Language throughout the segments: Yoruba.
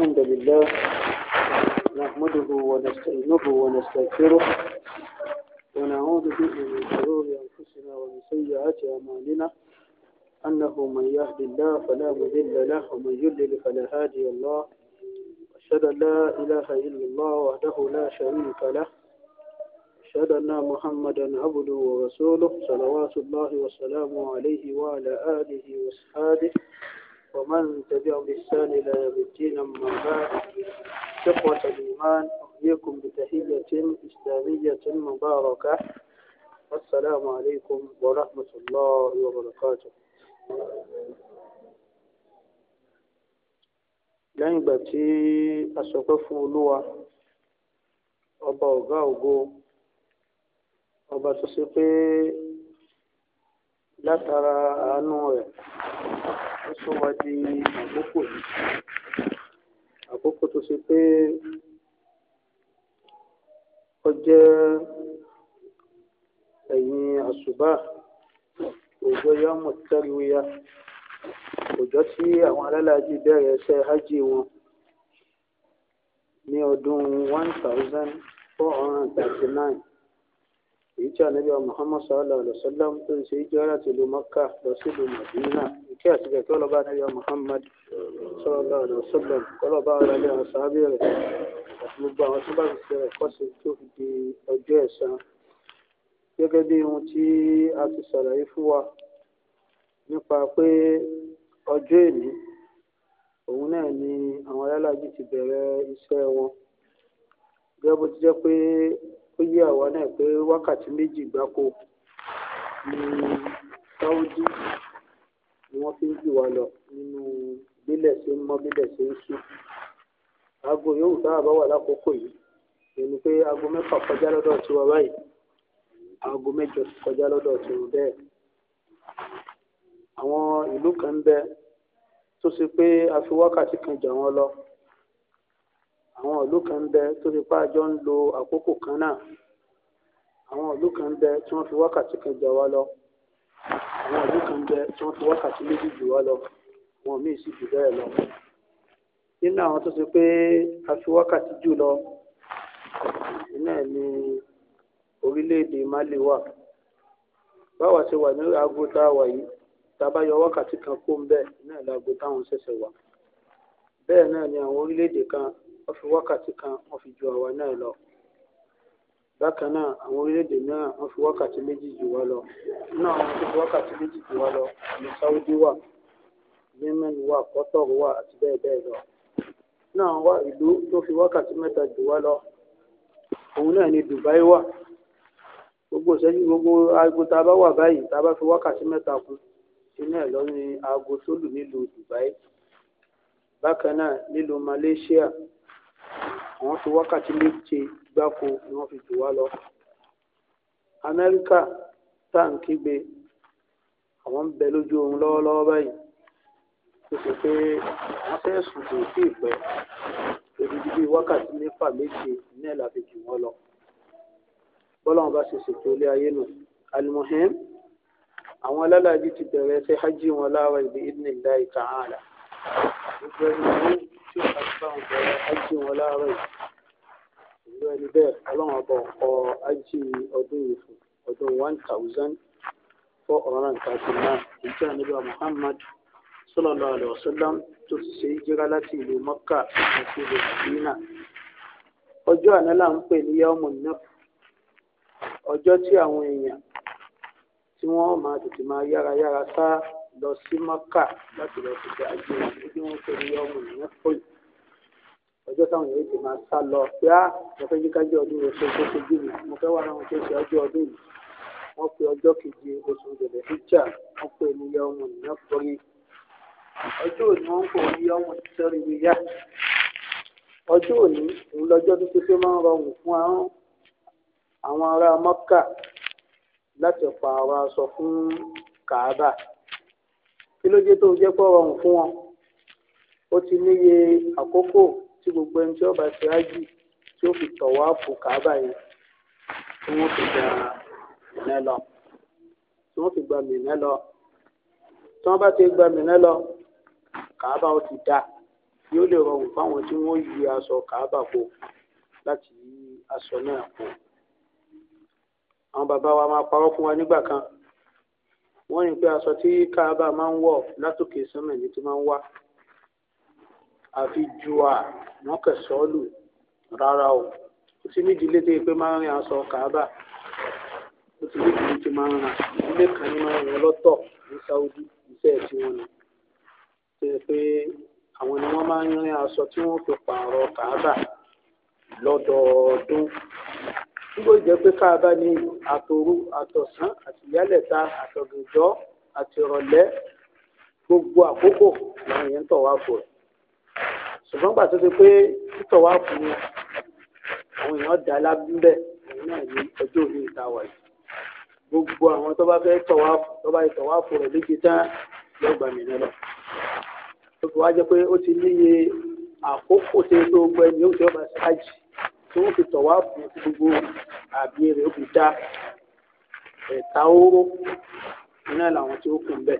الحمد لله نحمده ونستعينه ونستغفره ونعوذ به من شرور أنفسنا ومن سيئات أعمالنا أنه من يهد الله فلا مذل له ومن يضلل فلا هادي الله أشهد أن لا إله إلا الله وحده لا شريك له أشهد أن محمدا عبده ورسوله صلوات الله وسلامه عليه وعلى آله وأصحابه ومن تبعهم بإحسان إلى يوم الدين أما بعد إخوة الإيمان أحييكم بتحية إسلامية مباركة والسلام عليكم ورحمة الله وبركاته lẹ́yìn ìgbà tí a sọpẹ́ fún olúwa ọba ọ̀gá ògo ọba tó ṣe pé látara àánú rẹ̀ ó sọ wá di àkókò yìí àkókò tó ṣe pé ó jẹ́ ẹ̀yìn àṣùbà òjò yọmọ tẹ́lúwíyá òjò tí àwọn alálàájì bẹ̀rẹ̀ iṣẹ́ hajj wọn ní ọdún one thousand four hundred thirty nine èyí tí ànábì muhammad sallallahu alayhi wa sallam tó ń ṣe ìjọ láti ìlú mọ́kà lọ sí ìlú mọ̀dínà ìkí àti kẹ̀kẹ́ ọlọ́ba ànábì muhammad sallallahu alayhi wa sallam kọlọ́ba ara ilé àwọn sáábì rẹ̀ àti gbogbo àwọn tó bá ti ṣe ẹ̀kọ́ sí tó fi di ọjọ́ ẹ̀san gẹ́gẹ́ bí ohun tí a ti ṣàlàyé fún wa nípa pé ọjọ́ èní òun náà ni àwọn alálàájì ti bẹ̀rẹ̀ iṣẹ́ wọn gẹ́gẹ́ bó ti jẹ́ pé ó yé àwa náà pé wákàtí méjì gbáko ní sáúdí ni wọ́n fi ń jù wá lọ nínú bílẹ̀ ṣe ń mọ́ bílẹ̀ ṣe ń sùn aago yòówù tá a bá wà lákòókò yìí èmi pé aago mẹ́fà kọjá lọ́dọ̀ tiwa báyìí aago mẹ́jọ kọjá lọ́dọ̀ tiwọn bẹ́ẹ̀ àwọn ìlú kan ń bẹ tó ṣe pé a fi wákàtí kan jà wọ́n lọ àwọn ìlú kan ń bẹ tó fi pa àjọ ń lo àkókò kan náà àwọn ìlú kan ń bẹ tí wọ́n fi wákàtí kan jọ wá lọ àwọn ìlú kan ń bẹ tí wọ́n fi wákàtí méjì jù wá lọ àwọn míì sì jù bẹ́ẹ̀ lọ nínú àwọn tó ṣe pé a fi wákàtí jù lọ iná ní orílẹ̀-èdè Mali wà báwa ṣe wà ní aago tá a wà yìí tá a bá yọ wákàtí kan kó ń bẹ́ẹ̀ náà láago táwọn ṣẹ̀ṣẹ̀ wà bẹ́ẹ̀ náà ni àwọn orílẹ̀-èdè kan wọ́n fi wákàtí kan wọ́n fi ju àwa náà lọ bákan náà àwọn orílẹ̀-èdè náà wọ́n fi wákàtí méjì jù wá lọ nínú àwọn tó fi wákàtí méjì jù wá lọ ní Saudi wà Yemen wà Qatar wà àti bẹ́ẹ̀ bẹ́ẹ̀ lọ nínú àwọn wà ìlú tó fi wákàtí mẹ́ta jù wá lọ òun náà ni Dubai wà gbogbo ìṣẹ́jú gbogbo aago tá a bá wà báyìí tá a bá fi wákàtí mẹ́ta kún inú ẹ̀ lọ ní aago tó lù nílùú Dubai bákan náà nílùú Malaysia wọ́n fi wákàtí méje gbáko ni wọ́n fi jù wá lọ. amẹ́ríkà tá à ń kígbe àwọn ń bẹ lójú oorun lọ́wọ́lọ́wọ́ báyìí tó ṣe pé wọ́n fẹ́ sùn kò sí ìpẹ́ odidi bíi wákàtí mẹ́fà méje náà la fi jù wọ́n lọ. bọ́lá wọn bá ṣe ṣètò ilé ayé nù almuhim àwọn alálàájì ti bẹ̀rẹ̀ ṣe hajj wọn láwọn ibi idnillahi ta'ala. gbogbo tí ò bá ti bá wọn bẹ̀rẹ̀ ájì wọn láàárọ̀ yìí ìlú ẹni bẹ́ẹ̀ ọlọ́run ọba ọkọ ájì ọdún ìfò ọdún one thousand four hundred and thirty nine ìjọ àníbà Muhammad sallallahu alaihi wasallam tó ti ṣe ìjírá láti ìlú Mọ́kà àti ìlú Madina ọjọ́ àná là ń pè ní yawmu nafr ọjọ́ tí àwọn èèyàn tí wọ́n máa tètè máa yára yára sáà lọ sí mọ́kà láti lọ síbi àjò ìdí wọn tó ní ọmọ ìyẹn pọ̀lì ọjọ́ táwọn èèyàn ti máa sá lọ pé á mo fẹ́ yíká jẹ́ ọdún rẹ̀ ṣe tó ṣojú mi mo fẹ́ wà láwọn tó ṣe ọjọ́ ọdún yìí wọ́n pe ọjọ́ keje oṣù gbẹ̀dẹ̀ fíjà wọ́n pe ní ọmọ ìyẹn pọ̀lì ọjọ́ òní wọ́n kò ní ọmọ ìtọ́rí mi yá ọjọ́ òní òun tó ṣe pé máa ń rọrùn fún àwọn ará mọ́kà láti pààrọ̀ aṣọ fún kàábà kí ló dé tó jẹ́ pé ọrọ̀rùn fún wọn ó ti níye àkókò tí gbogbo ẹni tí ọba ti ájì tí ó fi tọ̀ wá fò káàbà yẹn tí wọ́n fi gba mìíràn lọ tí wọ́n fi gba mìíràn lọ tí wọ́n bá ti gba mìíràn lọ káàbà ó ti dá yóò lè rọrùn fáwọn tí wọ́n yí aṣọ káàbà po láti yí aṣọ náà po àwọn bàbá wa máa parọ́ fún wa nígbà kan. wọ́n rí pé aṣọ tí káàbà máa ń wọ̀ látòkè sánmẹ̀ ní ti máa ń wá àfi ju à rárá o kò sí nídìí tó yẹ pé máa ń rìn aṣọ káàbà ó ti ní ti máa ń ràn ilé kan ní máa ń rìn lọ́tọ̀ ní Saudi iṣẹ́ tí wọ́n ní tó yẹ pé àwọn ni nígbò jẹ́ pé káàbá ní àtòru àtọ̀sán àti ìyálẹ̀ta àtọ̀gànjọ́ àti ìrọ̀lẹ́ gbogbo àkókò làwọn èèyàn ń tọ̀ wá fò rẹ̀ ṣùgbọ́n gbà tó ti pé títọ̀ wá fò wọn àwọn èèyàn dá lábẹ́ òun náà ní ọjọ́ òní ìta wà yìí gbogbo àwọn tó bá fẹ́ tọ̀ wá fò tó bá tọ̀ wá fò rẹ̀ léṣe tán lọ́gbà mí lọ́lọ́ tó fi wá jẹ́ pé ó ti níye àkókò tó gbẹ ní oṣù ọba ṣáàjì tí wọ́n fi tọ̀ wá fún gbogbo àbí rẹ̀ ó fi dá ẹ̀ta oró iná làwọn tí ó kù ń bẹ̀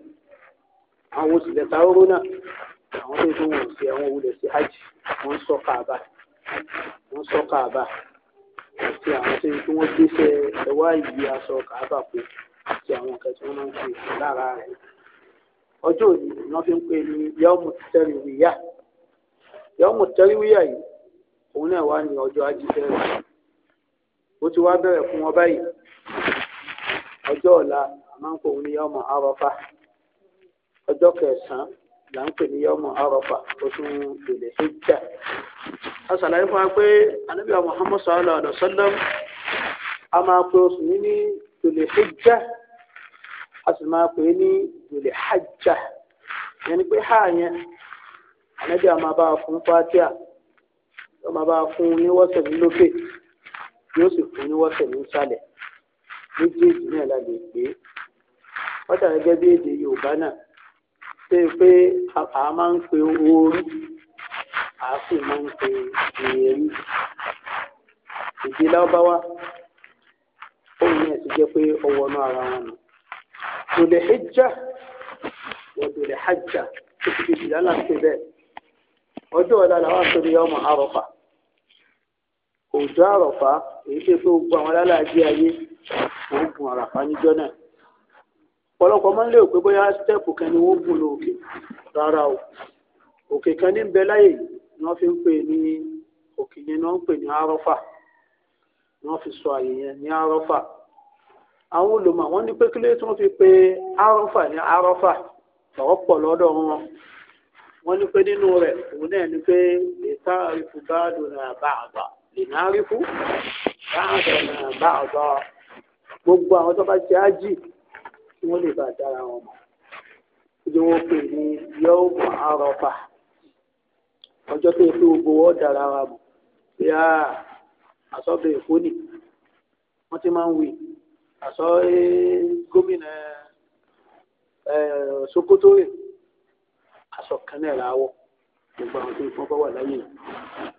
àwọn oṣù lẹ́ta oró náà àwọn tó tó wọ̀n sí àwọn olè sí hajj wọ́n sọ wọ́n sọ káàbà àti àwọn tó tó wọ́n gbéṣẹ́ ẹwà yìí aṣọ àti àwọn nǹkan tí òun náà wá ní ọjọ́ ajíṣẹ́ rẹ̀ ó ti wá bẹ̀rẹ̀ fún wọn báyìí ọjọ́ ọ̀la máa ń pè ní yọmọ arọfa ọjọ́ kẹsàn-án là ń pè ní yọmọ arọfa oṣù èlé ṣèjà a ṣàlàyé fún wa pé a máa pe oṣù ní ní a sì máa pè ní yẹn ni pé háà yẹn fún fatia. wọ́n máa bá fún un ní wọ́sẹ̀ ní lókè yóò sì fún un ní wọ́sẹ̀ ní ìsàlẹ̀ méjèèjì náà la lè é wọ́n tàbí gẹ́gẹ́ bí èdè Yorùbá náà ṣe pé a máa ń pe ooru a sì máa ń pe èérí èdè lábáwá òun náà ti jẹ́ pé ọwọ́ náà ara wọn nù dòlè hijja wọ́n dòlè hajja tó ti fi jìlá láti bẹ́ẹ̀ ọjọ́ ọ̀la làwọn àtòrí ọmọ àròfà òjò àrọ̀fá èyí ṣe pé gbogbo àwọn alálàájì ayé òun gun àràfá níjọ́ náà ọ̀pọ̀lọpọ̀ máa ń lérò pé bóyá stẹ́ẹ̀pù kan ni wọ́n gùn lọ òkè rárá o òkè kan ní bẹ láyè ni wọ́n fi ń pè ní òkè yẹn ni wọ́n ń pè ní arọ́fà ni wọ́n fi sọ àyè yẹn ní arọ́fà àwọn olùmọ̀ wọ́n ní pé kí lè tí fi pe arọ́fà ní arọ́fà lọ́wọ́ lọ́dọ̀ wọn wọ́n ní pé nínú rẹ̀ òun náà ni pé lè tá àrífù bá dùn ní àbá àgbà lìnàrífù báàdọ̀nà báàdọ̀ gbogbo àwọn tó bá ṣe ájì tí wọ́n lè bá dára wọn mọ̀ tí wọ́n pè ní yóò mọ̀ àrọ̀fà ọjọ́ tó yẹ kí gbogbo wọn dára wa mọ̀ bí a àsọ̀bẹ̀ èkó nì wọ́n ti máa ń wí àsọ gómìnà Sokoto rè aṣọ kan náà làwọ̀ gbogbo àwọn tó ń fọ́n bá wà láyé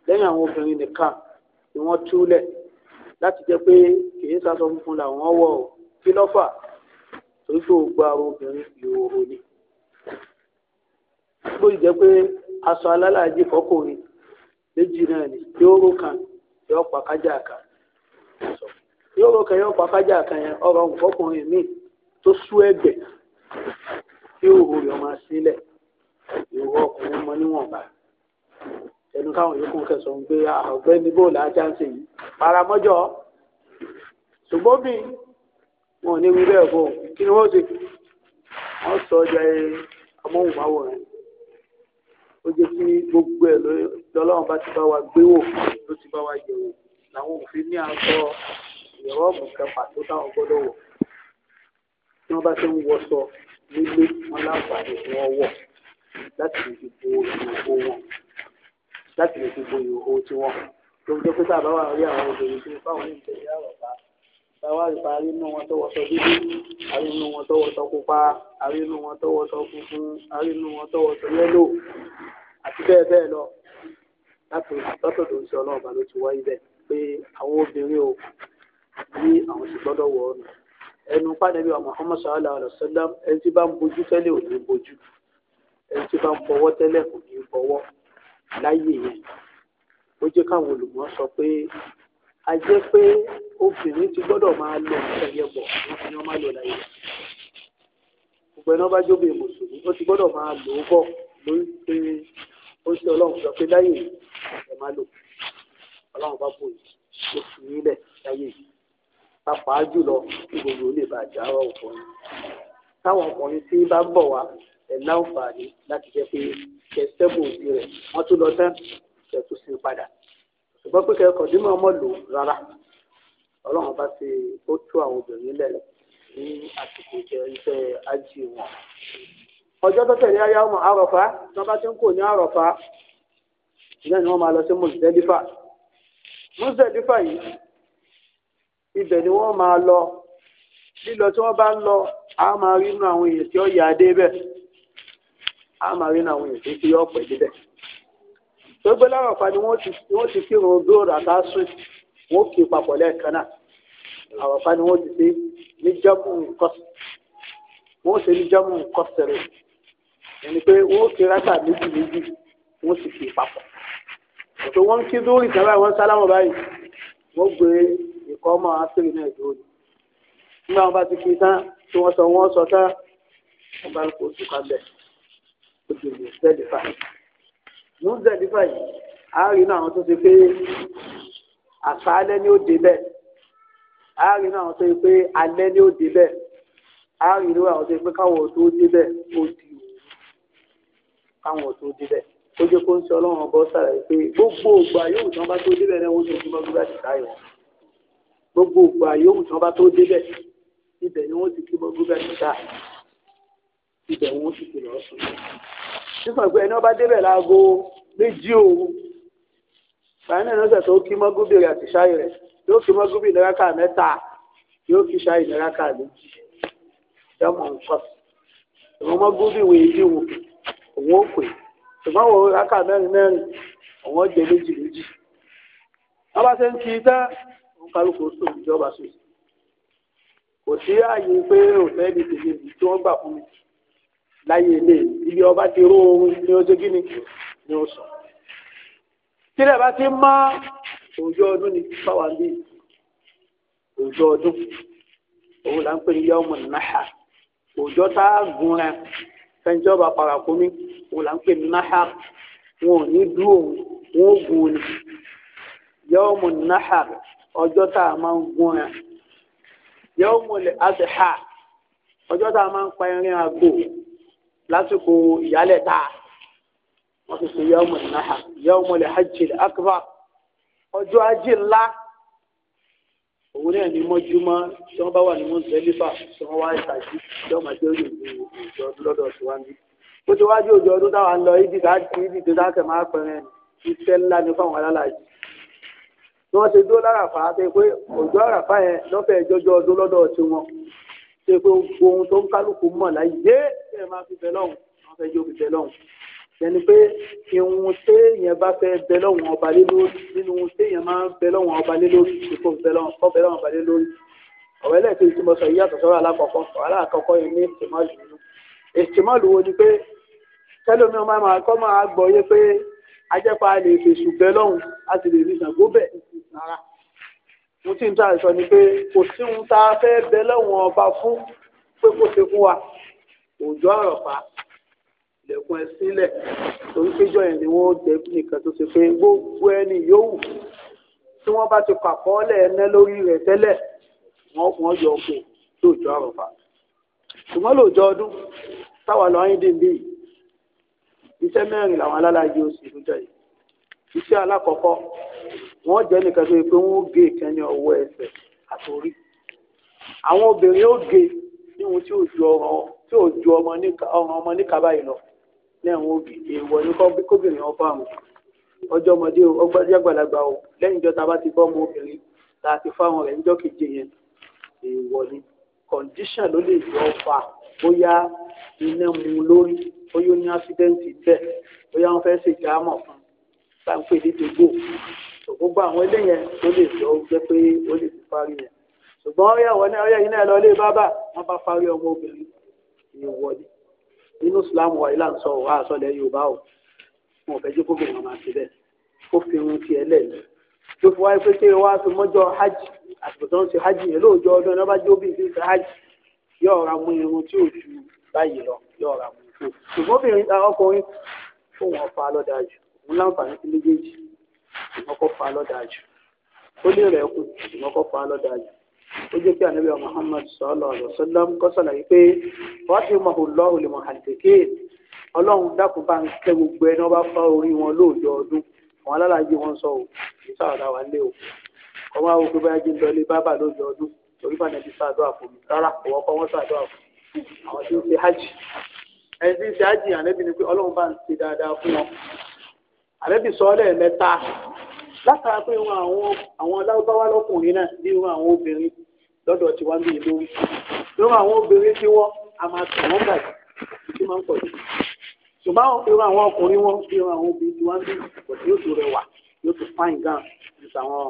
lẹ́yìn àwọn obìnrin nìkan tí wọ́n túlẹ̀ láti jẹ́ pé kìí sásọ funfun làwọn wọ̀ ọ́ kí ló fà torí pé ògbó ara obìnrin ìhòòhò ni. ó lè jẹ́ pé aṣọ alálàájì fọkùnrin méjì náà ni yóò rò kan yóò pa kájà kan yóò kan yóò pa kájà yẹn ọ̀rọ̀ nǹkọkùnrin míì tó sú ẹ̀gbẹ́ kí òhòòhò yọ máa sílẹ̀ ìhòòhò ọkùnrin mọ níwọ̀nba ẹnu káwọn yòókù kẹsàn án gbé ọ̀gbẹ́ni bóòlù ajá ń sè yìí ṣùgbọ́n bí wọn ò ní wí bẹ́ẹ̀ fún kí ni wọ́n ṣe wọ́n sọ ọjà amóhùnmáwòrán ó jẹ́ kí gbogbo ẹ̀ lọ́lọ́run bá ti bá wa gbé wò ló ti bá wa yẹ̀ wò làwọn òfin ní aṣọ ìrọ́ọ̀mù kẹfà tó táwọn gbọ́dọ̀ wọ̀ tí wọ́n bá ti ń wọṣọ nílé wọn láǹfààní tí wọ̀ láti fi bo ìlú owó wọn láti lè fi gbòòrò owó tí wọ́n tó fi dókítà bá wà rí àwọn obìnrin tí báwọn ní ìtẹ̀lé àrọ̀bá báwa rí parí inú wọn tó wọṣọ dúdú àrí inú wọn tó wọṣọ pupa àrí inú wọn tó wọṣọ funfun àrí inú wọn tó wọṣọ yẹ́lò àti bẹ́ẹ̀ bẹ́ẹ̀ lọ láti lọ́sọ̀dọ̀ ń ṣe ọlọ́ọ̀bá ló ti wáyé bẹ́ẹ̀ pé àwọn obìnrin o ní àwọn sì gbọ́dọ̀ wọ ọ̀nà ẹnu pàdébí wa Muhammad sallallahu alayhi wa sallam ẹni tí bá ń bojú tẹ́lẹ̀ ò ní bojú ẹni tí bá ń fọwọ́ tẹ́lẹ̀ kò ní fọwọ́ láyè yẹn ó jẹ́ káwọn olùmọ̀ sọ pé a jẹ́ pé obìnrin ti gbọ́dọ̀ máa lọ ẹyẹ bọ̀ wọ́n fi wọ́n máa lọ láyè gbogbo ẹni wọ́n bá jóbe mùsùlùmí ó ti gbọ́dọ̀ máa lò ó bọ̀ lórí pé ó ṣe ọlọ́run sọ pé láyè ẹ̀ máa lò ọlọ́run bá bò yìí ó fi nílẹ̀ láyè yìí pàápàá jùlọ kí gbogbo ó lè bàjẹ́ àárọ̀ ọkùnrin táwọn ọkùnrin tí bá bọ̀ wá ẹ láǹfààní láti jẹ́ pé kẹ sẹ́gun òbí rẹ̀ wọ́n tún lọ tán kẹ tún sí padà ṣùgbọ́n pé kẹkọ̀ọ́ dí máa mọ̀ lò rárá ọlọ́run bá ti ó tú àwọn obìnrin lẹ̀ ní àsìkò jẹ́ iṣẹ́ ájì wọn. ọjọ́ tó tẹ̀lé ayá ọmọ àròfá tí wọ́n bá ti ń kò ní àròfá ìyá ni wọ́n máa lọ sí mùsùlẹ́dífà mùsùlẹ́dífà yìí ibẹ̀ ni wọ́n máa lọ lílọ tí wọ́n bá ń lọ a máa rí inú àwọn èèyàn tí ó yà á dé bẹ́ẹ̀ á máa rí àwọn èèyàn tí yóò pẹ́ débẹ̀. tó gbé lọ́rọ̀ pa ni wọ́n ti kírun dóòrà tá a sùn wọ́n kí papọ̀ lẹ́ẹ̀kan náà àwọ̀fá ni wọ́n ti ṣe ní jámù kọ́sì wọ́n ṣe ní jámù kọ́sì rẹ̀ ẹni pé wọ́n kí rákà méjì méjì wọ́n sì kí papọ̀ ètò wọn kí lórí ìjọba wọn sálámù báyìí wọ́n gbé ìkọ́ ọmọ asèrè náà dúró ni nígbà wọn bá ti kí tán tí wọ́n sọ wọ́n sọ tán wọ́n bá kó oṣù kan bẹ́ẹ̀ oṣù mùsẹ̀lífà mùsẹ̀lífà yìí a rí inú àwọn tó ṣe pé àṣálẹ́ ni ó dé bẹ́ẹ̀ a rí inú àwọn tó ṣe pé alẹ́ ni ó dé bẹ́ẹ̀ a rí inú àwọn tó ṣe pé káwọn tó dé bẹ́ẹ̀ ó di káwọn tó dé bẹ́ẹ̀ ó jẹ́ kó ń ṣe ọlọ́run ọgbọ́n sàlàyé pé gbogbo ògbà yóò tán bá tó débẹ̀ náà wọ́n tó fi mọ́gbé bá ti káyọ̀ gbogbo ògbà yóò tán bá tó débẹ̀ ibẹ̀ ni wọ́n ti kí mọ́gbé bá ti ibẹ̀ wọ́n ti kìlọ̀ ọ̀sán. sísan pé ẹni ọba débẹ̀ láago méjì òru báyìí náà lọ́sẹ̀ tó kí mọ́gúbì rẹ̀ àti ṣáì rẹ̀ yóò kí mọ́gúbì náírà mẹ́ta yóò kí ṣáì méjì nǹkan mọ́gúbì èyí wò òun ó pè ṣùgbọ́n mẹ́rin mẹ́rin òun ó jẹ méjì bá ṣe ń kí òun kálukú ìjọba kò sí ààyè pé láyé ilé ibi ọba ti ró ní oṣù n'i ní oṣù tílẹ̀ bá ti òjò ọdún ni bí òjò ọdún òun là ń pè ní náà òjò tá a gun rẹ fẹjọ́ bá mi òun là wọn ní dúró wọn ò ni náà ọjọ́ tá a máa ń gun rẹ lè ha ọjọ́ lásìkò ìyálẹ̀ta wọ́n ti ṣe yọ́mù náà yọ́mù lè hajj akbar ọjọ́ ajé ńlá òun náà ní mọ́júmọ́ tí wọ́n bá wà ní mọ́tẹ́lífà tí wọ́n wá ìtàjì tí wọ́n máa jẹ́ òyìnbó ìjọ ọdún lọ́dọ̀ síwájú ó ti wájú òjò ọdún táwa ń lọ ibi káàkiri ibi tó dákẹ́ máa pẹ̀rẹ̀ iṣẹ́ ńlá ni fáwọn alálàájì tí wọ́n ṣe dúró lára fàá pé òjò àràfà yẹn lọ́fẹ̀ẹ́ jọjọ ọdún lọ́dọ̀ tiwọn ṣe pé ohun tó ń kálukú mọ̀ láyé ṣe é máa fi bẹ lọ́hùn wọ́n fẹ́ yóò fi bẹ lọ́hùn yẹni pé ìhun téèyàn bá fẹ́ bẹ lọ́hùn ọba lé lórí nínú ohun téèyàn máa ń bẹ lọ́hùn ọba lé lórí ìfò bẹ lọ́hùn ọba lé lórí ọ̀rọ̀ ẹlẹ́ẹ̀kejì tí mo sọ yíyàtọ̀ sọ́rọ̀ alákọ̀ọ́kọ́ alákọ̀ọ́kọ́ yẹn ní ìtìmọ́lù nínú ìtìmọ́lù wo ni pé tẹ́lómi ọmọ àmọ́ akọ́ máa gbọ́ yé pé ajẹ́pá lè fèsù bẹ lọ́hùn a lè rí ìsàngó bẹ́ẹ̀ rárá mo ti ń ta ìsọ ni pé kò sí ohun tá a fẹ́ bẹ lẹ́wọ̀n ọba fún pé kò ṣe fún wa òjò àrọ̀pá ilẹ̀kùn ẹ sílẹ̀ torí péjọ yẹn ni wọ́n jẹ́ nìkan tó ṣe pé gbogbo ẹni yòówù tí wọ́n bá ti pàkọ́ọ́lẹ̀ ẹ̀ná lórí rẹ̀ tẹ́lẹ̀ wọ́n wọ́n yọ ọkọ̀ lóòjọ́ àrọ̀fà ṣùgbọ́n lóòjọ́ ọdún táwa lọ ayíǹde ń bí yìí iṣẹ́ mẹ́rin làwọn alálàájì oṣù lójọ́ yìí iṣẹ́ alákọ̀ọ́kọ́ wọ́n jẹ́ nìkan tó yẹ pé wọ́n gé ìkẹ́ni ọwọ́ ẹsẹ̀ àtòrí àwọn obìnrin ó gé níhun tí ò ju ọrùn tí ò ju ọrùn ọmọ níka báyìí lọ lẹ́yìn wọn òbí èèwọ̀ ní kóbìnrin ọba àwọn ọjọ́ ọmọdé ọgbọ́dé àgbàlagbà o lẹ́yìn ìjọ ta bá ti bọ́ ọmọ obìnrin tá a ti fáwọn rẹ̀ níjọ́ keje yẹn èèwọ̀ ni kọ̀ǹdíṣàn ló lè yọ ọfà bóyá iná mu lórí bóyá ó ní tá ń pè ní dògbò gbogbo àwọn ilé yẹn ló lè sọ jẹ pé ó lè ti parí yẹn ṣùgbọ́n ọ̀yà wọ́n ní ọ̀yà yìí náà lọ ilé bábà wọ́n bá parí ọmọ obìnrin ìwọ ni nínú Islam wà ilà ń sọ wà á sọlẹ̀ Yorùbá o wọn ò fẹ́ jẹ́ kókò wọn máa ṣe bẹ́ẹ̀ kó fi irun tiẹ̀ lẹ́yìn tó fi wáyé pé kéwàá wá fi mọ́jọ́ hajj àtìkò tó ń ṣe hajj yẹn lóòjọ́ ọdún ẹ̀rọ bá jó bí ìdí ìṣe hajj yóò ra mú irun tí ò ju báyìí lọ yóò ra mú òun láǹfààní sí méjèèjì ṣùgbọ́n kó fa lọ́dà jù ó lè rẹ̀ kù ṣùgbọ́n kó fa lọ́dà jù ó jẹ́ pé ànábìyà Muhammad sallallahu alaihi wasallam kọ́ sàlàyé pé wàá fi mọ̀ lọ́ òlè mọ̀ àdèké ọlọ́run dákun bá ń kẹ́ gbogbo ẹni wọ́n bá fá orí wọn lóòjọ́ ọdún àwọn alálàájì wọn sọ ò ní sàrọ̀dà wà lé o kọ́ máa wo pé bá jí ń lọlé bábà lóòjọ́ ọdún torí bá nàbí sàdọ́ àfòmí rárá ọwọ́ kọ́ wọ́n sàdọ́ àfòmí àwọn tí ń ṣe hajj ẹni tí ń ṣe hajj ànábì ni pé ọlọ́run bá ń ṣe dáadáa fún wọn àbẹ́bí sọ́ọ́lẹ̀ mẹ́ta látara pé wọn àwọn àwọn aláwọ̀báwá lọ́kùnrin náà bí wọn àwọn obìnrin lọ́dọ̀ tí wọ́n ń bí lórí bí wọn àwọn obìnrin tí wọ́n a máa tẹ̀ wọ́n gbà tí máa ń pọ̀ jù ṣùgbọ́n irun àwọn ọkùnrin wọn bí wọn àwọn obìnrin tí wọ́n ń bí kò sí òtún rẹwà yóò tún fáìn gan ju tàwọn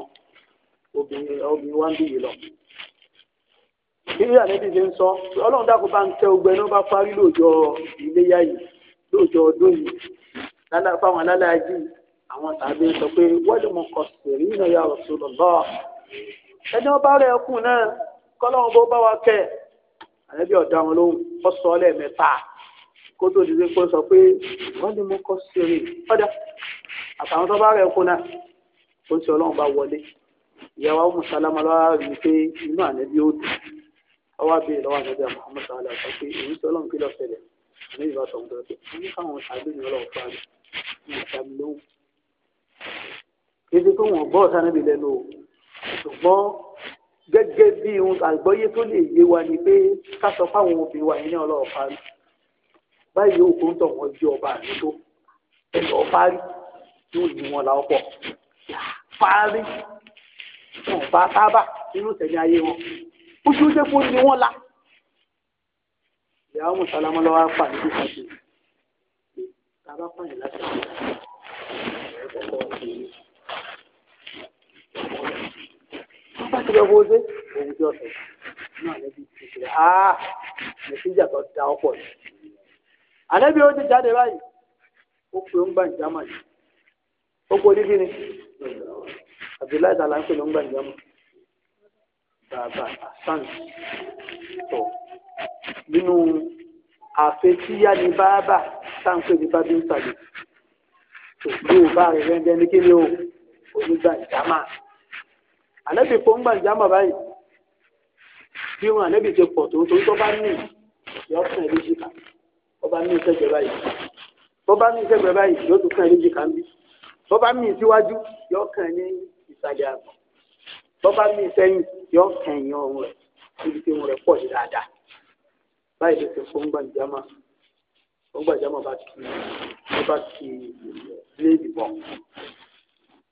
obìnrin obìnrin wa ń bí yìí lọ. bí àlejò ṣe ń sọ ọlọ́run dákun bá ń tẹ ogbẹ́ náà bá parí lóòjọ́ iléyà yìí lóòjọ́ ọdún yìí fáwọn alálàájì àwọn tàbí sọ pé wọ́n mú kọ sèrè nínú ya Rasulullah ẹni wọn bá rẹ ẹkùn náà kọ́lọ́wọ́n bó bá wa kẹ́ àlẹ́bí ọ̀dọ́ àwọn lóhùn kọ́ sọ ọ́ lẹ́ẹ̀mẹ́ta kó tó dìde kó sọ pé wọ́n lè mú kọ́ sèrè ọ̀dà àtàwọn tó bá rẹ̀ kó náà ó ti ọlọ́run bá wọlé ìyàwó mùsàlámà lọ́wọ́ rí i pé inú ànẹ́bí ó dùn ọwọ́ àbí ìlọ́wọ́ ànẹ́bí àwọn mùsàlámà sọ pé èyí tí ọlọ́run kí ṣẹlẹ̀ ànẹ́bí bá sọ wọn pé káwọn ṣàgbéyìn ọlọ́run fún àná nǹkan ibi tó wọn gbọ́ sanabi lẹ́nu o ṣùgbọ́n gẹ́gẹ́ bí àgbọ́yé tó lè yé wa ni pé ká sọ fáwọn obìnrin wa ní ọlọ́ọ̀ parí báyìí yóò ń tọ̀ wọ́n jí ọba àmì tó ẹ̀lọ́ parí yóò yí wọn la ọ̀pọ̀ parí wọn bá sábà nínú tẹ̀lé ayé wọn ojú jẹ́ kó ní wọn la ìyá musalama lọ́wọ́ apá níbi ìpàdé tàbá pààyàn láti ọ̀pọ̀ ọ̀sẹ̀ yìí. wọ́n bá ti lọ wo ṣe òun jọ sọ náà lẹ́bi ìṣẹ̀lẹ̀ áá nàìjíríà tó da ọ̀pọ̀ yìí. àlẹ́bí ó ti jáde báyìí ó pè ń gbà ìjámà yìí ó pè ní kíni Abdullahi tàlà ń pè ló ń gbà ìjámà bàbá àṣàn tó nínú àfẹ́síyá ni bàbá táǹpé ní bábí ń pàdé òbí òbá rẹ̀ rẹ́ńdẹ́ ní kíni o onígbà ìjàmà àlẹ́bí fóńgbà ìjàmà báyìí bí wọn àlẹ́bí ti pọ̀ tó torí tó bá ní yọ kàn ẹ́ léjìká tó bá ní ìṣẹ́jẹ̀ báyìí tó bá ní ìṣẹ́jẹ̀ báyìí yóò tún kàn ẹ́ léjìká ń bí tó bá mí síwájú yọ kàn ní ìsàlẹ̀ àgbọ̀n tó bá mí sẹ́yìn yọ kàn yín ọrùn rẹ̀ níbi tí wọn rẹ̀ pọ̀ sí dáadáa báyìí ló ti fóńgbà ìjàmà wọ́n gbàjá mọ̀ bá ti wọ́n bá ti bíléèdì bọ̀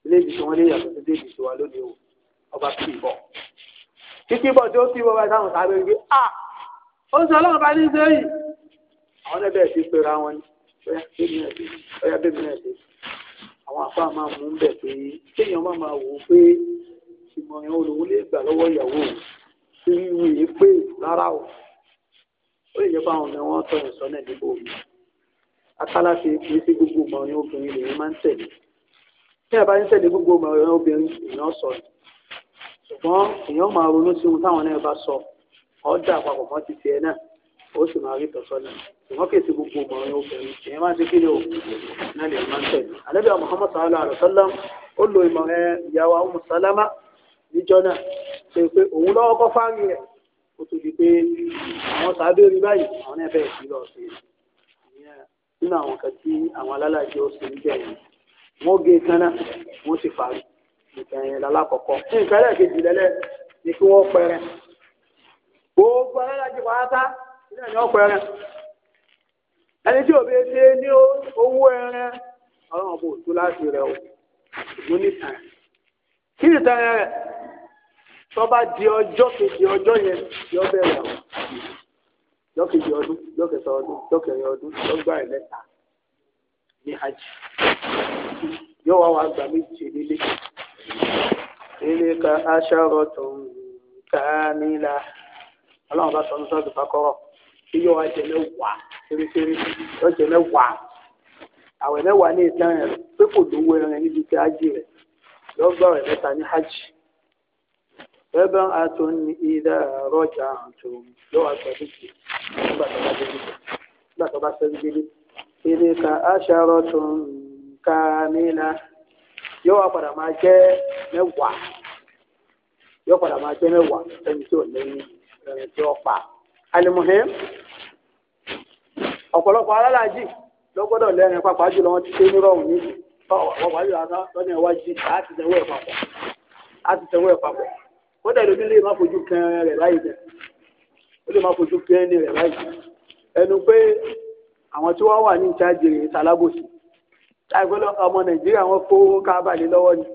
bíléèdì tí wọ́n lè yàtọ̀ sí bíléèdì tí wà lónìí o ọba ti bọ̀ títí bọ̀ tí ó ti bọ̀ bá táwọn sáré wípé a ó sọ ọlọ́run bá ní sẹ́yìn àwọn ẹgbẹ́ ti pera wọn ni ọyá bẹ́ẹ̀ náà dé àwọn àpá máa mú un pé kéèyàn má máa wò ó pé ìmọ̀ràn olówó lè gbà lọ́wọ́ ìyàwó òun tí wíwèé rárá o ó lè jẹ́ pé àwọn ọ̀nà wọn tọ̀yìn sọ́nà ìdìbò mi akálàṣe kì í sí gbogbo ọmọ ọyàn obìnrin lèyìn máa ń tẹ̀lé tí ẹ bá ń tẹ̀lé gbogbo ọmọ ọyàn obìnrin èèyàn sọ ni ṣùgbọ́n èèyàn máa ronú sí ohun táwọn náà bá sọ ọ́ dà papọ̀ mọ́ ti tiẹ̀ náà ó sì máa rí tọ́sọ́nà ṣùgbọ́n kì í sí gbogbo ọmọ ọyàn obìnrin èèyàn máa ń ṣe o náà lèyìn máa ń tẹ̀lé alẹ́bíà Muhammad sallallahu alayhi wa sallam ó lo ìmọ̀ ẹ ìyàwó Ummu Salama níjọ náà ṣe pé òun lọ́wọ́ kọ́ fáàrí rẹ̀ ó tó di pé àwọn sábẹ́ nínú àwọn kan tí àwọn alálàájẹ ó sì ń bẹ̀ yìí wọ́n gé kánná wọ́n sì parí nǹkan yẹn lálákọ̀ọ́kọ́ nǹkan ẹlẹ́ẹ̀kejì lẹ́lẹ́ ni kí wọ́n pẹrẹ gbogbo alálàájẹ pàápàá nínú ẹ̀ ni wọ́n pẹrẹ ẹni tí òbí ṣe ní owó ẹran ọlọ́run kò tó láti rẹ o mo ní tàn kí ni tàn rẹ tó bá di ọjọ́ kejì ọjọ́ yẹn yọ bẹ̀rẹ̀ o. lọ́kejì ọdún lọ́kẹsàn ọdún lọ́kẹrin ọdún lọ́gbà ẹ̀lẹ́ta ní hajj yóò wá wá gbà méjì nílé tilka asharatun kamila ọlọ́run bá sọ ní sọ́ọ̀tù fakọ́rọ̀ tí yóò jẹ mẹ́wàá fẹ́rẹ́fẹ́rẹ́ yóò jẹ mẹ́wàá àwẹ̀ mẹ́wàá ní ìtàn pé تبعة إذا رجعتم lọ́wọ́ àtọ́jú nígbà tó bá débi nígbà tó bá sẹ́jú débi ìdíkà aṣáró tún ká nílá yóò wá padà máa jẹ́ mẹ́wàá yóò padà máa jẹ́ mẹ́wàá ẹni tí ò lẹ́yìn ẹni tí ó pa. alimuhim ọ̀pọ̀lọpọ̀ alálàájì ló gbọ́dọ̀ lẹ́rin papọ̀ wọn ti ṣe nírọ̀rùn kódà ìlú lè má fojú kan rẹ̀ láì jẹ́ ó lè má fojú kan ẹni rẹ̀ láì jẹ́ ẹnu pé àwọn tí wọ́n wà ní ìtajà èrè talábòsí táìpẹ́lẹ́ ọmọ nàìjíríà wọn kó kábàlì lọ́wọ́ ni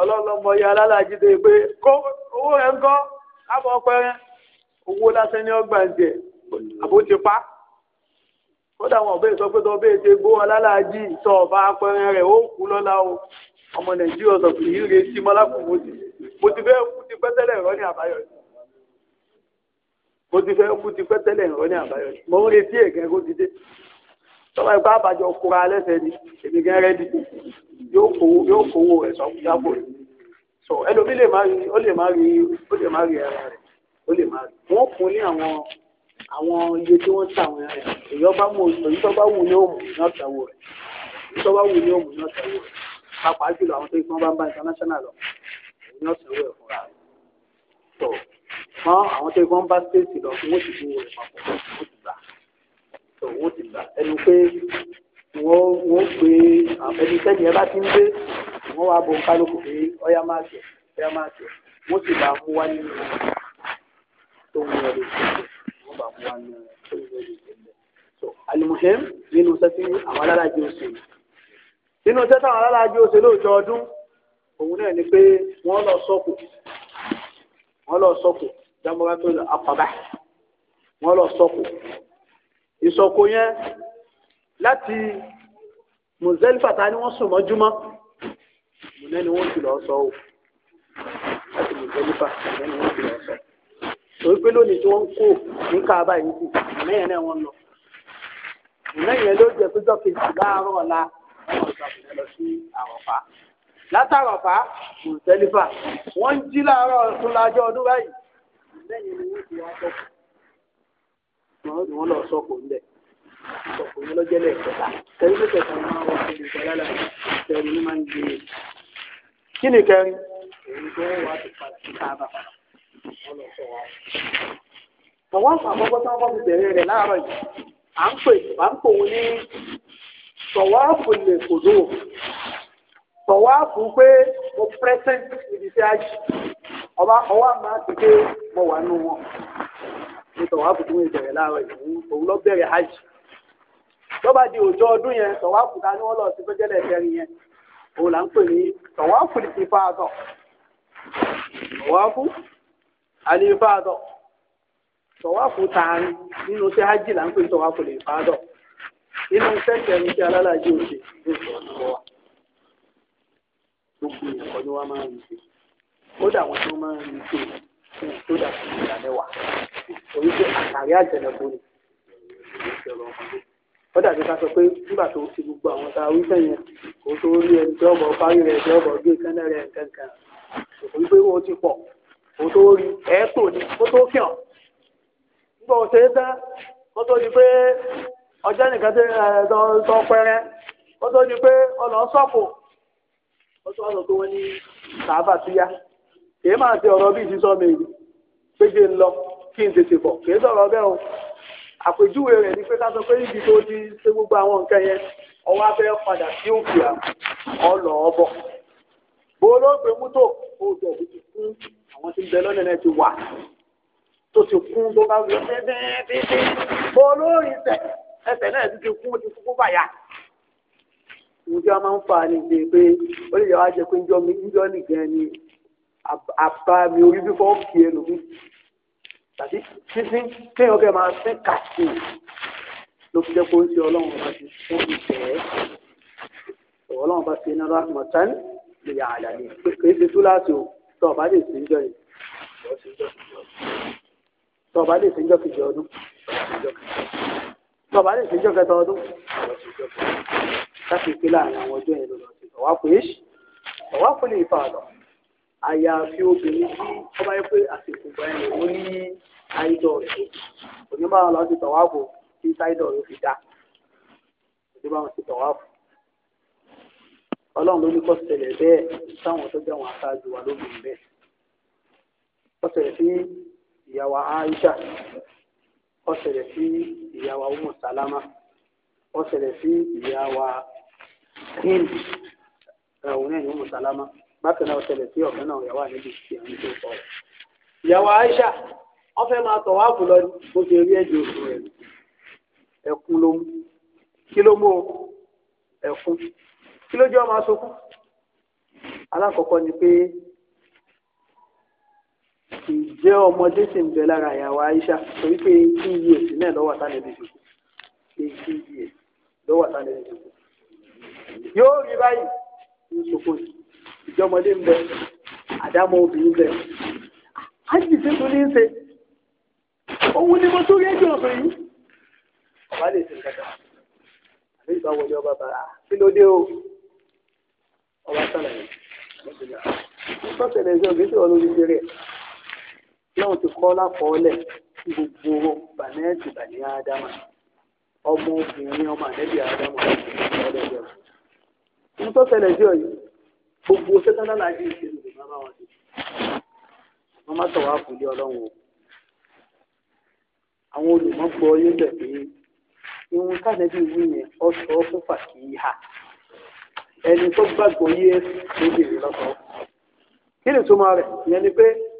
ọlọ́lọ́mọ ya alálàájí dé pé kó owó rẹ̀ ń kọ́ lábọ̀ pẹ́rẹ́ owó lásán ní ọgbà ń jẹ àbó ti pa kódà wọn ò bẹ́ẹ̀ sọ pé tọ́ bẹ́ẹ̀ ṣe gbó alálàájí sọ ọ̀bá pẹ́rẹ́ rẹ̀ ó kú lọ́la o ọmọ nàìjíríà sọ fún yìí retí mọ́lákùn mo ti mo ti fẹ́ kú ti pẹ́tẹ́lẹ̀ rọ́ ní àbáyọ mo ti fẹ́ kú ti pẹ́tẹ́lẹ̀ rọ́ ní àbáyọ mo ń retí ẹ̀gẹ́ kó ti dé tọ́ba ìpá àbájọ kóra lẹ́sẹ̀ ni èmi gan rẹ́dí yóò kówó yóò kówó rẹ̀ sọ́kúnjábò rẹ̀ sọ ẹlòmí lè má rí ó lè má rí ó lè má rí ara rẹ̀ ó lè má rí wọ́n fún ní àwọn àwọn iye tí wọ́n ta àwọn ẹ̀rẹ̀ èyí tó bá wù ní òmù ní ọ̀tàwọ̀ rẹ̀ èyí tó bá wù ní òmù ní ọ̀tàwọ̀ rẹ̀ pàápàá jùlọ àwọn tó yẹ kí wọ́n bá ń bá international lọ òun ni ọ̀sán owó ẹ̀ fúnra rẹ̀ tó mọ́ àwọn tó yẹ kí wọ́n bá stéètì lọ kí wọ́n ti gbowó rẹ̀ papọ̀ wọ́n ti gbà tó wọ́n ti gbà ẹnu pé wọ́n wọ́n pé ẹni sẹ́ni ẹ bá ti ń gbé wọ́n wá bo kálukú pé ọ̀yá máa jẹ ọ̀yá máa jẹ wọ́n sì bá mú wá nínú tó ń wọlé wọ́n bá mú wá nínú tó ń wọlé alimuhem nínú sẹ́sìn àwọn alára jẹ́ òṣèlú nínú iṣẹ́ táwọn alálàájú ó ṣe lóòjọ́ ọdún òun náà ni pé wọ́n lọ sọ́kù wọ́n lọ sọ́kù jamora tó lọ apàbá wọ́n lọ sọ́kù ìsọ̀kù yẹn láti mùsẹ́lífà ni wọ́n sùn mọ́júmọ́ mùnẹ́ ni wọ́n ti lọ sọ o láti mùsẹ́lífà mùnẹ́ ni wọ́n ti lọ sọ torí pé lónìí tí wọ́n ń kó ní káàbà yìí kù mùnẹ́ yẹn náà wọ́n lọ mùnẹ́ yẹn ló jẹ́ pé jọ́kì láàárọ̀ ọ̀la táwọn ìgbà kò lọ sí àrọ̀fà látàrọ̀fà kò tẹ́lifà wọ́n ń jí láàárọ̀ tún lájọ́ ọdún báyìí lẹ́yìn ni wọ́n ti wá sọ́kù wọ́n lọ sọ́kù ńlẹ̀ sọ́kù yẹn lọ́jẹ́ lẹ́ẹ̀kẹta tẹ̀lé lẹ́kẹta ni wọ́n wá sí ìgbà lálẹ́ tẹ̀lé ní máa ń gbé e. kí ni kẹrin èyí tó wà ti padà sí káàbà wọ́n lọ sọ wa. àwọn àkọ́kọ́ tí wọ́n kọ́ tọ̀wáàfù lè kòdó tọ̀wáàfù pé mo present níbi tí a jì ọba ọwọ́ àmà ti pé mo wà nù wọn ní tọ̀wáàfù tó ń bẹ̀rẹ̀ láàárọ̀ ìlú òun lọ bẹ̀rẹ̀ hajj lọ́ba di òjò ọdún yẹn tọ̀wáàfù ta ni wọ́n lọ sí fẹ́jẹ́lẹ̀ kẹrin yẹn òun là ń pè ní ti fa àtọ̀ fa àtọ̀ hajj là ń pè ní inú sẹ́kẹ̀ ní kí alálàájì òṣè ló sọ ọ̀nà wa gbogbo ẹ̀kọ́ ni wọ́n máa ń ṣe kódà wọn tó máa ń ṣe fún kódà fún ìgbà mẹ́wàá orí pé àkàrí àjẹnàbó ni kódà bí ká sọ pé nígbà tó ti gbogbo àwọn tá a wí sẹ́yìn kó tó rí ẹni tí ọ̀bọ̀ parí rẹ̀ tí ọ̀bọ̀ gbé kánná rẹ̀ nǹkan kan pé wọ́n ti pọ̀ kó tó rí ẹ̀ẹ́tò ni kó tó kí ọ̀ nígbà ọ̀sẹ̀ tán kó tó di pé ọjọ́ nìkan tó ẹ tọ́ pẹ́rẹ́ ó tó di pé ọlọ́ sọ́kù ó tó wà lọ pé ní yá kì í máa ọ̀rọ̀ bí ìṣísọ́ mi péjé ń lọ kí n tètè kì í sọ̀rọ̀ bẹ́ẹ̀ o àpèjúwe rẹ̀ ni pé ká sọ pé ibi tó gbogbo àwọn nǹkan yẹn ọwọ́ abẹ́ padà sí òkè ẹsẹ̀ náà ti ti kú ti kú kó bàyà. ìwúdí wa máa ń fa ni pé pé ó lè yà wá jẹ pé njọ́ mi njọ́ nìkan ni àbá mi orí fífọ́ kí ẹ lòmí tàbí sísín kéèyàn kẹ́ máa sín kàtì ló fi jẹ́ pé ó ń ṣe ọlọ́run bá ti fún ìtẹ́ ọlọ́run bá ti iná láti mọ̀ tán lè yà àyà ni kì í ṣe tú láti o tó ọba lè sí njọ́ yìí tó ọba lè lè sí njọ́ kejì ọdún tọba lè ṣèjọ kẹta ọdún láti pé láàrin àwọn ọjọ́ yẹn lọ sí ọwá pé ọwá pé lè fa àlọ àyàfi obìnrin tí wọn bá yẹ pé àsìkò bẹ́ẹ̀ ni ó ní àìdọ̀ rẹ̀ òní máa lọ sí tọwá bò tí táìdọ̀ rẹ̀ fi dá òní máa lọ sí tọwá bò ọlọ́run ló ní kó ṣẹlẹ̀ bẹ́ẹ̀ sáwọn tó jẹ́ àwọn aṣáájú wa lóbìnrin bẹ́ẹ̀ kó ṣẹlẹ̀ sí ìyàwó Aisha ó ṣẹlẹ̀ sí ìyá wa umu salama ó ṣẹlẹ̀ sí ìyá wa hind ẹ̀hún náà ní umu salama bákan náà ó ṣẹlẹ̀ sí ọ̀kan náà ìyá wa níbi àwọn tó sọ rẹ̀. ìyá aisha wọ́n fẹ́ máa tọ̀ wáàfù lọ bó ṣe rí ẹ̀jẹ̀ oṣù rẹ̀ ẹ̀kún ló mú kí ló mú o ẹ̀kún kí ló jẹ́ ọmọ asokú alákọ̀ọ́kọ́ ni pé ìjẹ́ ọmọdé sì ń bẹ lára àyàwó Aisha torí pé eighteen years náà lọ́wọ́ àtàlẹ́bí fi kú eighteen years lọ́wọ́ àtàlẹ́bí fi kú yóò rí báyìí ní sọ́kò ìjẹ́ ọmọdé ń bẹ àdámọ́ obìnrin bẹ ájì tí mo ní í ṣe òun ni mo tún rédíò obìnrin ọba lè ṣe kẹta àbí ìgbà wọlé ọba bàrà ah, kí ló dé o ọba sàlàyé mo sọ̀tẹ̀lẹ̀ sí òbí tí wọ́n lọ́wọ́ ti kọ́ lákọọ́lẹ̀ gbogbo bànẹ́ẹ̀tì bàní ádámà ọmọ obìnrin ọmọ àdẹ́bí ádámà ọ̀dẹ́bí ọ̀sán. mo tọ́ yìí gbogbo láti ṣe bá wọn wọ́n má wá ọlọ́run o. àwọn olùmọ̀gbọ́ yóò bẹ̀ pé irun kánẹ́bí wí yẹn fún fàkìyà ẹni tó gbàgbọ́ yé lóbìnrin lọ́sọ̀ọ́ kí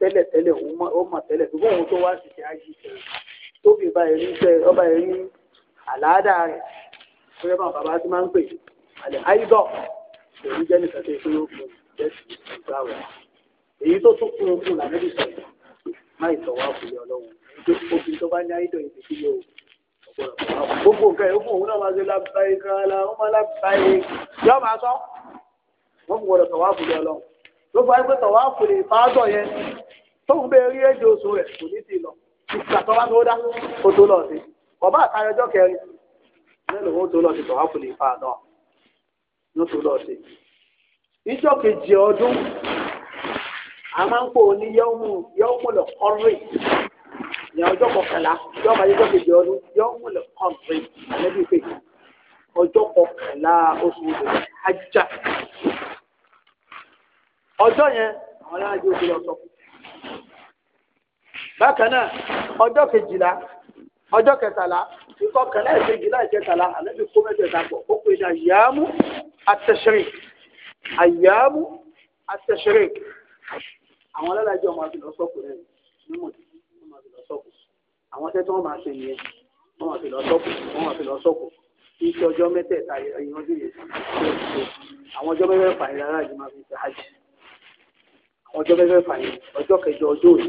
tẹ́lẹ̀ tẹ́lẹ̀ ó mọ̀ tẹ́lẹ̀ tó bóun tó wá ṣiṣẹ́ ayé ṣe tó fi bá ẹ̀rí ṣe ọba ẹ̀rí àlàádà rẹ̀ tó yẹ máa bàbá tí máa ń pè àlẹ́ àyíbọ̀ èyí jẹ́ nìkan tó yẹ kó jẹ́ ìgbà rẹ̀ èyí tó tún kún un kún lànà ìṣẹ̀ má ìtọ̀wá òkúlé ọlọ́run obìnrin tó bá ní àyídọ̀ ìdè kí yóò gbogbo nǹkan yìí fún òun náà máa ṣe lábáyé kan la ó máa lábáyé yọ máa sọ wọn kò gbọdọ̀ tọ̀wá òkúlé ọlọ́run ló fọ ẹgbẹ́ tọ̀wá òkúlé ìfáàtọ̀ yẹn tóun bèèrè èdè oṣù rẹ̀ kò ní ti lọ ìgbàtọ́ wá tó dá ó tó lọ sí ọba àtàrẹjọ kẹrin mélòó ó tó lọ sí tọ́wá kò lè fa àná ló tó lọ sí. ìjọ kejì ọdún a máa ń pò ní ní ọjọ́ kọkànlá kejì ọdún àlẹ́bí pé ọjọ́ kọkànlá oṣù bákan náà ọjọ́ kejìlá ọjọ́ kẹtàlá ikọ̀ kẹlẹ́ ìkejìlá ìkẹtàlá àlẹ́bí kó mẹ́tẹ̀ẹ̀ta pọ̀ ó pè ní àyàmú àtẹ̀sẹ̀rẹ̀ àyàmú àtẹ̀sẹ̀rẹ̀ àwọn alálàájì ọmọ àti lọ́sọ̀kù rẹ̀ nímọ̀ ọmọ àti lọ́sọ̀kù àwọn tẹ́ tí wọ́n máa ṣe nìyẹn wọ́n àti lọ́sọ̀kù wọ́n àti lọ́sọ̀kù iṣẹ́ ọjọ́ mẹ́tẹ̀ẹ̀ta ìyanjú yẹn àwọn ọjọ́ mẹ́fẹ̀ẹ̀fà yẹn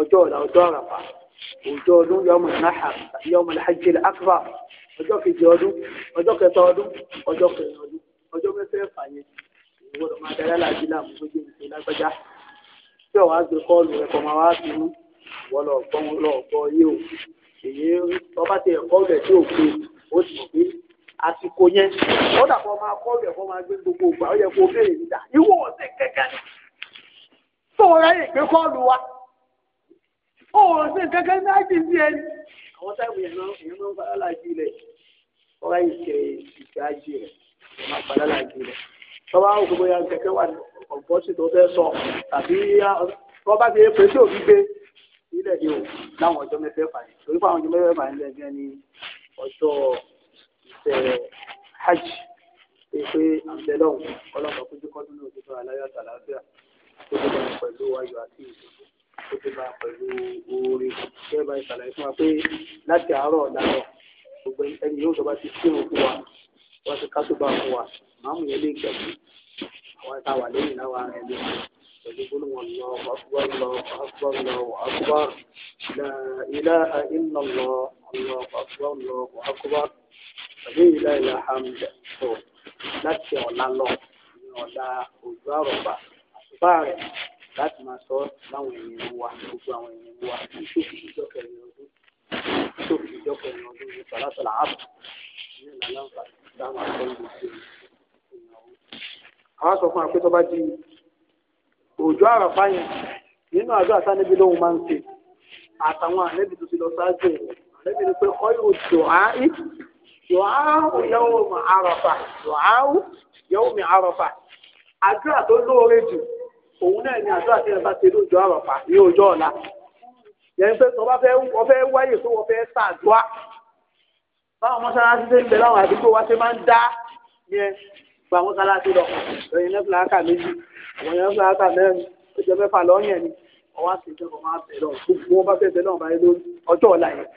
ọjọ́ ọ̀la ọjọ́ àràfà ọjọ́ ọdún yọmọ náà yọmọ hajjil akbar ọjọ́ kejì ọdún ọjọ́ kẹta ọdún ọjọ́ kẹrin ọdún ọjọ́ mẹ́fẹ̀ẹ̀fà yẹn ìwọ́dọ̀ máa darí aláàjì láàmú tó jẹ́ ìṣe lágbájá tí ọ̀wá gbé kọ́ọ̀lù rẹ̀ kọ́ máa wá sí i wọ́n lọ gbọ́ wọn lọ gbọ́ yé o èyí ọba ti ẹ̀kọ́ rẹ̀ tí ò pé ó sì mọ̀ pé àsìkò yẹn kódà kó máa kọ́ọ̀lù ẹ̀kọ́ máa gbé gbogbo ògbà ó yẹ kó béèrè níta ìwọ ọ̀sẹ̀ kẹ́kẹ́ tó rẹ̀ ìgbé kọ́ọ̀lù wa ó wọ́n sí kankan náà jì sí ẹni. àwọn táìmù yẹn náà èèyàn máa ń padà láàjì rẹ̀ ọ̀rá ìṣẹ̀ ìṣẹ̀ àjì rẹ̀ máa padà láàjì rẹ̀ tọ́ba àwọn gbogbo ya kẹ̀kẹ́ wà ọ̀gbọ́sì tó fẹ́ sọ tàbí tọ́ba ti pè sí òbí gbé nílẹ̀ ni o láwọn ọjọ́ mẹ́fẹ̀ẹ̀fà ni torí fún àwọn ọjọ́ mẹ́fẹ̀ẹ̀fà ni lẹ́gbẹ́ ni ọjọ́ ìṣẹ̀ hajj ṣe pé àbẹ̀lọ́hùn ọlọ́mọ kójú kọ́dún ní òjò tó aláyọ̀ àtàlàáfíà ó ti bá pẹ̀lú oore ṣé bá ìsàlàyé fún wa pé láti àárọ̀ ọ̀daràn gbogbo ẹni yóò tọ́ba ti kírun fún wa wá sí kásùbà fún wa màámù yẹn lè gbẹ̀gbẹ̀ àwọn ẹ̀ka wà lẹ́yìn láwa rẹ̀ lé pẹ̀lú gbólóhùn Allahu akbar Allahu akbar Allahu akbar la ilaha illa Allah Allahu akbar Allahu akbar tàbí ìlà ìlà hamdẹ tó láti ọ̀la lọ ọ̀la òjò àrọ̀bà àtúbà rẹ̀ láti máa sọ láwọn èèyàn wa gbogbo àwọn èèyàn wa ìṣòfin ìjọkẹrin ọdún ìṣòfin ìjọkẹrin ọdún ní sàlásàlà ààbò ní ìlànà ìdáhùn àtọ́yìnbó sí ìyàwó. àwọn sọ fún wa pé tó bá di òjò àràfá yẹn nínú àjọ àtànẹ́bí lóhun máa ń ṣe àtàwọn ànẹ́bí tó ti lọ sáájú rẹ̀ ànẹ́bí ni pé kọ́ yóò dùá í dùá yóò mi àràfà dùá yóò mi àràfà àdúrà tó lóore jù òun náà ni àdúrà tí ẹ bá ṣe lóòjọ́ àràpá ní ọjọ́ ọ̀la yẹn pé tó bá fẹ́ wọ́n fẹ́ wáyè tó wọ́n fẹ́ ṣàdúrà báwọn mọ́sálásí ṣe ń bẹ láwọn àdúgbò wa ṣe máa ń dá yẹn gba mọ́sálásí lọ lẹ́yìn náà fúláàkà méjì àwọn yẹn fúláàkà mẹ́rin ọjọ́ mẹ́fà lọ́yẹ̀ ni ọwọ́ àti ìjọba máa bẹ̀ lọ gbogbo wọn bá fẹ́ bẹ̀ náà báyìí lórí ọjọ́ ọ̀la yẹn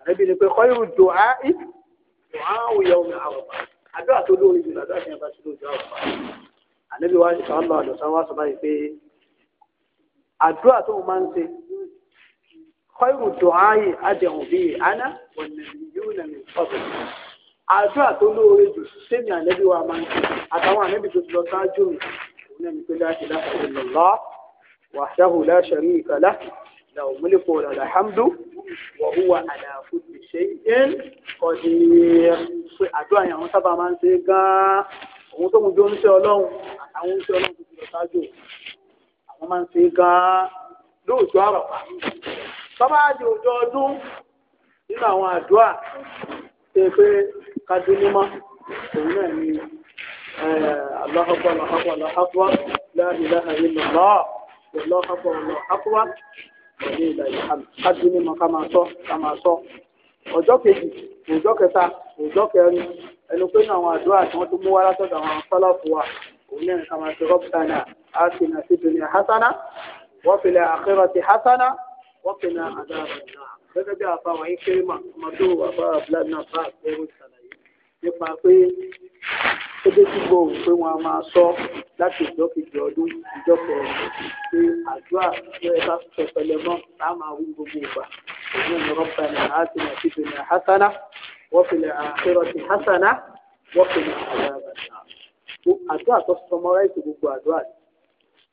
àrẹ́bí ni pé kọ́ irú dùn á ì dùn á òye ọmọ àwọ̀pá àdúrà tó lórí jù lọ́dọ̀ àti ẹ̀ bá ṣe lójú àwọ̀pá ànábì wa ṣe àwọn àlọ́sán wa sọ báyìí pé àdúrà tó máa ń ṣe kọ́ìrù dùnáyè àdẹ̀hùn bíi àná wọ̀nẹ̀mí yóò nẹ̀mí ọ̀sẹ̀ àdúrà tó lóore jù sẹ́mi ànábì wa máa ń ṣe àtàwọn ànábì tó ti lọ sáájú mi òun náà ní pé láti láti ṣe lọ́lá wàṣáhù láṣẹ̀rí ìkàlá لو ملك ولا حمد وهو على كل شيء قدير àdúrà yẹn àwọn sábà máa ń ṣe gan-an òun tó ń jó oníṣẹ́ ọlọ́run àtàwọn oníṣẹ́ ọlọ́run tó ti lọ ṣáájú àwọn máa ń ṣe gan-an lóòjọ́ àràpá bàbá àjò òjò ọdún nínú àwọn àdúrà ṣe pé kádúnímọ́ òun náà ni eh, Allahu akbar Allahu akbar Allahu la ilaha illallah Allahu akbar Allahu akbar ọdún ìlà ìhàmì kádúnímọ́ ká máa sọ ká máa sọ ọjọ́ kejì ọjọ́ kẹta ọjọ́ kẹrin ẹnu pé àwọn àdúrà tí wọ́n tún mú wá látọ̀dọ̀ àwọn fọlọ́fù wa òun náà ká máa ṣe rọ́bùtánà á sì nà sí dunya hasana wọ́n fi lè akhirati hasana wọ́n fi nà àdáàbà náà gẹ́gẹ́ bí àfa wàyí kéré mà ọmọdé àfa abdullahi náà bá àgbẹ̀rù ìsàlàyé nípa pé kébétí gbòòrò pé wọn a máa sọ láti ìjọ kejì ọdún ìjọ kẹrin pé àdúrà tó ẹ bá pẹpẹlẹ mọ tá a gbogbo ìgbà òun ni rọpàlẹ àti nàìjíríà hasana وفي الآخرة حسنة وفي العذاب النار àdúrà tó sọmọráìtì gbogbo àdúrà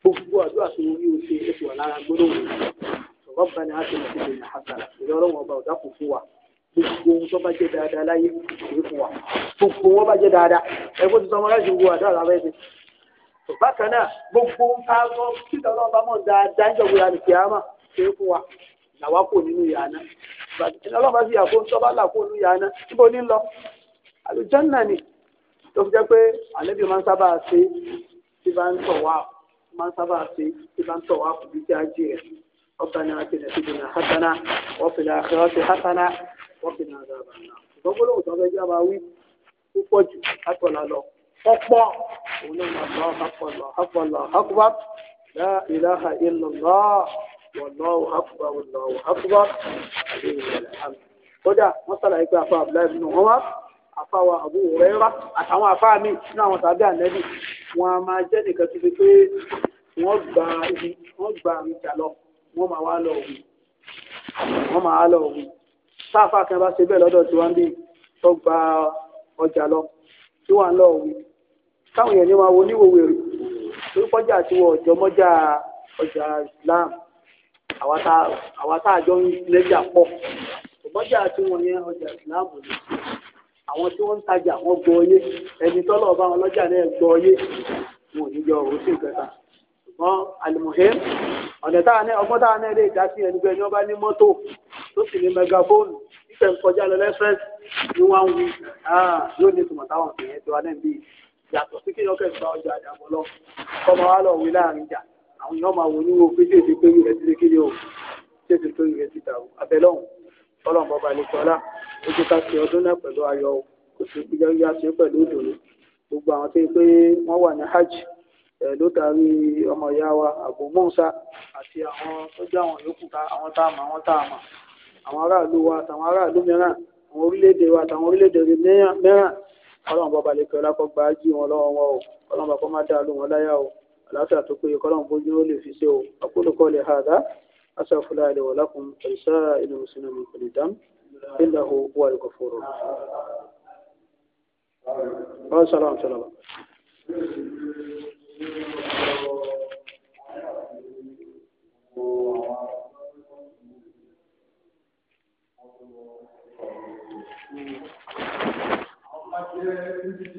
gbogbo àdúrà tó wọ́n yóò ṣe ètò àlára gbólóhùn ọ̀rọ̀ bá ní àti ìṣẹ̀lẹ̀ ìlànà àtàlà ìrọ̀rọ̀ wọn bá ọ̀dà kò fún wa gbogbo ohun tó bá jẹ́ dáadáa láyé kò fún wa gbogbo wọn bá jẹ́ dáadáa ẹgbẹ́ tó sọmọráìtì gbogbo àdúrà làwọn ẹgbẹ́ bákan náà gbogbo ohun tá a sọ kí ìdánwò bá mọ̀ dáadáa ń jọ̀gbọ́n ìbàdàn ọlọ́run bá sì yà fún tọ́ba là fún olùyà iná níbo ní lọ àlùjánnà ni tó fi jẹ́ pé àlébí máa ń sábà ṣe tí bá ń tọ̀ wá máa ń sábà ṣe tí bá ń tọ̀ wá kò bí jẹ́ ajé rẹ̀ ọ̀gbani àti nàìjíríà hasana wọ́n fi lè àkẹ́rọ́ ti hasana wọ́n fi lè àgbà náà ṣùgbọ́n gbólóhùn tó fẹ́ jẹ́ máa wí púpọ̀ jù látọ̀lá lọ pọ́pọ́ òun náà máa lọ akọ̀lọ̀ akọ̀lọ̀ akọ̀lọ̀ la ilaha illallah. والله أكبر والله أكبر kódà wọ́n sàlàyé pé àfa abdullahi bin umar àfa wa abu huraira àtàwọn àfa mi nínú àwọn tàbí ànẹ́bì wọn a máa jẹ́ nìkan tó fi pé wọ́n gba ibi wọ́n gba àmì jà lọ wọ́n máa wá lọ òwe wọ́n máa wá lọ òwe sáfà kan bá ṣe bẹ́ẹ̀ lọ́dọ̀ tí wọ́n bí tó gba ọjà lọ tí wọ́n lọ òwe táwọn èèyàn ní máa wo níwòwèrè torí kọjá àti wọ ọjọ́ mọ́jà ọjà islam àwa tá a jọ ń lẹ́jà pọ̀ ọgbọ́njà tí wọ́n yẹn ọjà ìsìláàmù ni àwọn tí wọ́n ń tajà wọ́n gbọ́ ọyé ẹni tọ́lọ̀ bá wọn lọ́jà náà gbọ́ ọyé wọn ò ní jọ òun sí nǹkan kan ṣùgbọ́n àlùmọ̀hẹ́ ọ̀nà táwọn náà ọgbọ́n táwọn náà lè dá sí ẹni bẹ́ẹ̀ ni wọ́n bá ní mọ́tò tó sì ní mẹgafóònù nífẹ̀ ń kọjá lọ lẹ́fẹ̀ẹ́sì ni wọ́n ń wí yóò ní tòmọ̀ táwọn kìí yẹn ti wá náà bíi yàtọ̀ sí kí àwọn èèyàn máa wò ní wo pé tètè pé rẹ̀ ti lékele o tètè pé rẹ̀ ti dàrú abẹ́lọ́hùn ọlọ́run bọ́ba àlekọ́lá ó ti ká ṣe ọdún náà pẹ̀lú ayọ̀ àwọn wa Abu Musa àti àwọn tó jẹ́ àwọn yòókù àwọn tá a mọ̀ àwọn tá a mọ̀ àwọn aráàlú wa àtàwọn aráàlú mìíràn àwọn orílẹ̀-èdè wa àtàwọn orílẹ̀-èdè mìíràn ọlọ́run bọ́ba àlekọ́lá kó gba ájí wọn lọ́wọ́ wọn o ọlọ́run bàbá má dáa lù wọn o àlàáfíà tó péye kọ́lọ́n bójú ó lè fi ṣe o aqulu qawli hadha astaghfirullahi li wa lakum lisa'iril muslimina min kulli dhanbin innahu huwal ghafurur rahim. salaam salaam. Thank you.